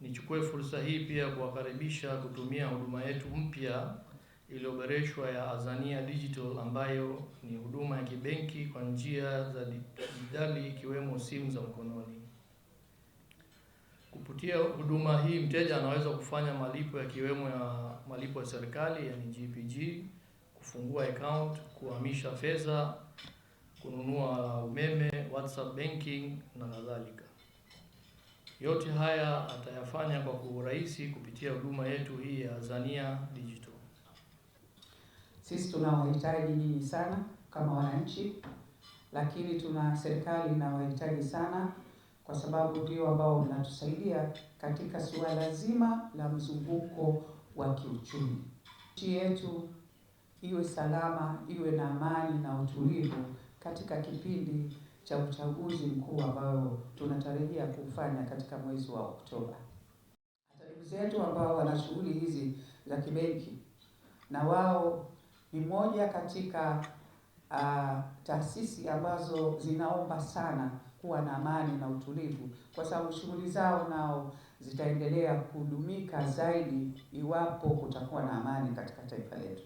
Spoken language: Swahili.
Nichukue fursa hii pia kuwakaribisha kutumia huduma yetu mpya iliyoboreshwa ya Azania Digital ambayo ni huduma ya kibenki kwa njia za dijitali ikiwemo simu za mkononi. Kupitia huduma hii mteja anaweza kufanya malipo yakiwemo ya malipo ya serikali yani GPG, kufungua account, kuhamisha fedha, kununua umeme, WhatsApp banking na kadhalika. Yote haya atayafanya kwa urahisi kupitia huduma yetu hii ya Azania Digital. Sisi tunawahitaji nyinyi sana kama wananchi, lakini tuna serikali inawahitaji sana kwa sababu ndio ambao mnatusaidia katika suala zima la mzunguko wa kiuchumi. Nchi yetu iwe salama, iwe na amani na utulivu katika kipindi cha uchaguzi mkuu ambao tunatarajia kufanya katika mwezi wa Oktoba. Hata ndugu zetu ambao wana shughuli hizi za kibenki, na wao ni moja katika uh, taasisi ambazo zinaomba sana kuwa na amani na utulivu, kwa sababu shughuli zao nao zitaendelea kudumika zaidi iwapo kutakuwa na amani katika taifa letu.